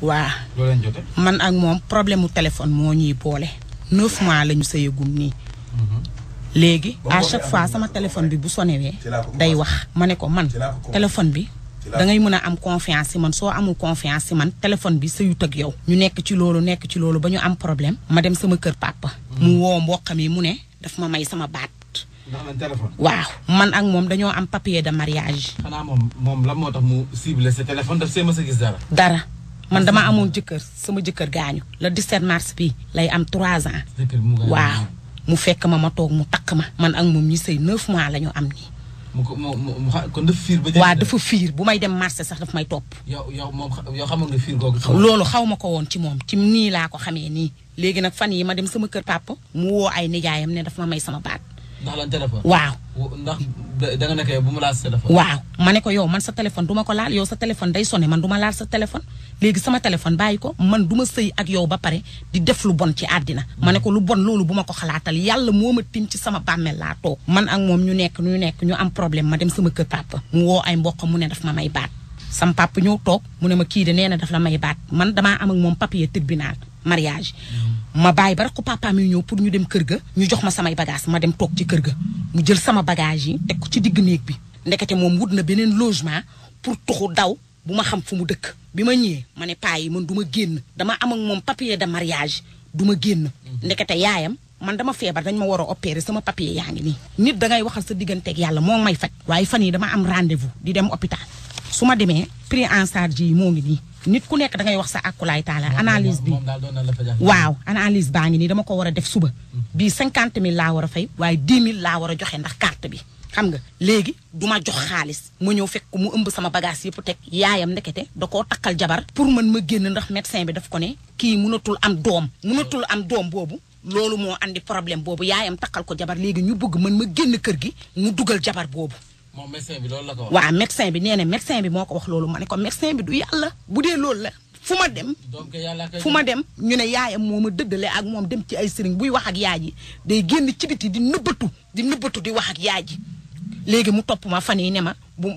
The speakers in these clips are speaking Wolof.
waa man ak moom problème mu téléphone moo ñuy boole neuf mois la ñu sëyagum nii mhm. léegi à chaque fois sama téléphone bi bu sonewee day wax ma ne ko man téléphone bi da ngay mën a am confiance ci man soo amul confiance ci man téléphone bi sëyut ak yow ñu nekk ci loolu nekk ci loolu ba ñu am problème ma dem sama kër papa mhm. mu woo mboqam yi mu ne daf ma may sama baat waaw man ak moom dañoo am papier de mariage. xanaa moom moom lan moo tax mu ciblé sa téléphone daf see mës a gis dara. dara man dama amoon jëkkër sama jëkkër gaañu. le 17 mars bi lay am 3 ans. waaw mu fekk ma ma toog mu takk ma. man ak moom ñi sëy 9 mois la ñu am nii. kon dafa fiir ba. waaw dafa fiir bu may dem marché sax daf may topp. yow yow xamoon nga fiir googu. loolu xaw ma ko woon ci moom ci nii laa ko xamee nii. léegi nag fan yi ma dem sama kër papa mu woo ay nijaayam ne daf ma may sama baat. ndax lan téléphone. waaw. ndax da nga bu mu laal sa waaw ma ne ko yow man sa téléphone duma ko laal yow sa téléphone day sonné man du laal sa téléphone léegi sama téléphone bàyyi ko man duma ma sëy ak yow ba pare di def lu bon ci àddina. ma ne ko lu bon loolu bu ma ko xalaatal yàlla moo ma tim ci sama bàmmeel laa toog. man ak moom ñu nekk ñu nekk ñu am problème ma dem sama kër papa mu woo ay mbokk mu ne daf ma may baat. sam papa ñëw toog mu ne ma kii de nee na daf la may baat man damaa am ak moom papier tribunal mariage. ma bàyyi ba rakku papaam yi ñëw pour ñu dem kër ga ñu jox ma samay bagage ma dem toog ci kër ga mu jël sama bagage yi teg ko ci digg néeg bi ndekete moom wut na beneen logement pour tuxu daw bu ma xam fu mu dëkk bi ma ñëwee ma ne paa yi man du ma génn dama am ak moom papier de mariage du ma génn mm-hmm. ndekete yaayam man dama feebar dañ ma war a opérer sama papier yaa ngi nii nit dangay waxal sa digganteeg yàlla moo may faj waaye fan yi dama am rendez-vous di dem hôpital su ma demee pris en yi moo ngi nii nit ku nekk da ngay wax sa àkkulaay taala analyse bi waaw analyse baa ngi nii dama ko war a def suba bii cinquante mille laa war a fay waaye dix mille laa war a joxe ndax carte bi xam nga léegi du ma jox xaalis ma ñëw fekk mu ëmb sama bagage yëpp teg yaayam ndekete da koo takkal jabar pour man ma génn ndax médecin bi daf ko ne kii mënatul am doom mënatul am doom boobu loolu moo andi problème boobu yaayam takkal ko jabar léegi ñu bugg man ma génn kër gi mu dugal jabar boobu moom médecin bi loolu la ko wax. waaw bi nee na médecin bi moo ko wax loolu ma ne ko médecin bi du yàlla bu dee loolu la fu dem. donc yàlla fu ma dem ñu ne yaayam moo ma dëddale ak moom dem ci ay sëriñ buy wax ak yaay ji day génn ci biti di nëbbatu di nëbbatu di wax ak yaay ji léegi mu topp ma fan yi ne ma bu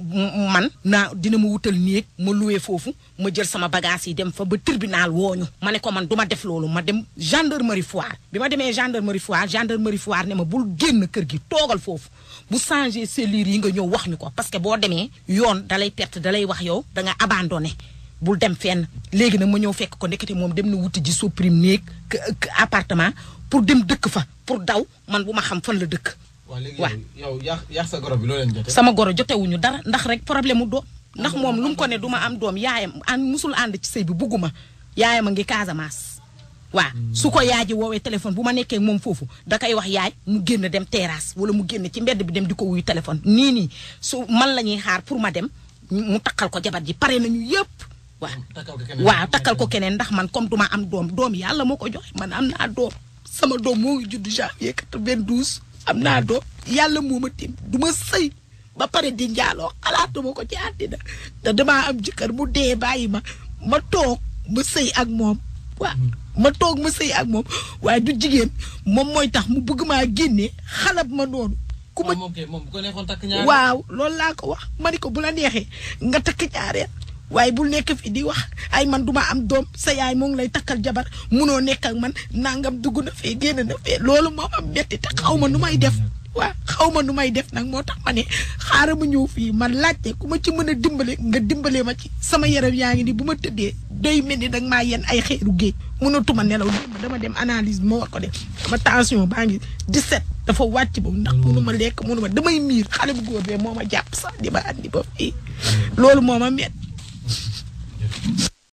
man naa dina ma wutal néeg ma loué foofu ma jël sama bagage yi dem fa ba tribunal wooñu ma ne ko man du ma def loolu ma dem gendarmerie foire bi ma demee gendarmerie foire gendarmerie foire ne ma bul génn kër gi toogal foofu bu changé cellule yi nga ñëw wax ñu ko parce que boo demee yoon dalay perte dalay wax yow da nga abandonné bul dem fenn léegi nag ma ñëw fekk ko ndekete moom dem na wuti ji supprime néeg appartement pour dem dëkk fa pour daw man bu ma xam fan la dëkk waa yow yàq sa goro bi sama goro jotewuñu dara ndax rek problème mu doom ndax moom lu mu ko ne duma am doom yaayam an musul ànd ci sëy bi bugguma yaayam a ngi Casamance. waa hmm. su ko yaay woowee téléphone bu ma nekkee moom foofu da koy yaay mu génn dem terrasse wala mu génn ci mbedd bi dem di ko wuyu téléphone nii nii su man la ñuy xaar pour ma dem mu takkal ko jabar ji pare nañu yëpp. waaw hmm, waaw takkal ko keneen ndax man comme duma am doom doom yàlla moo ko joxe man am naa doom sama doom moo ngi judd janvier 92. am naa doom yàlla moo ma tiim du ma sëy ba pare di njaaloo xalaatuma ko ci àddina te damaa am jëkkër mu dee bàyyi ma ma toog ma sëy ak moom waa ma toog ma sëy ak moom waaye du jigéen moom mooy tax mu bëgg maa génne bu ma noonu ku ma ah, waaw loolu laa ko wax ma ni ko bu la neexee nga takk ñaareel waaye bul nekk fii di wax ay man duma am doom sa yaay moo ngi lay takkal jabar munoo nekk man nangam dugg na fee génn na fee loolu moo am metti te xaw ma nu may def waaw xaw ma nu may def nag moo tax ma ne xaaral ma ñëw fii ma laajte ku ma ci mën a dimbale nga dimbale ma ci sama yaram yaa ngi ni bu ma tëddee day mel ni danga maa yenn ay xeeru géej mënatuma nelaw dama dem analyse ma war ko def sama tension ngi 17 dafa wàcc ba ndax mënu ma lekk mënu ma damay miir xale bu góor bee moo ma jàpp sax di ba fii loolu moo ma metti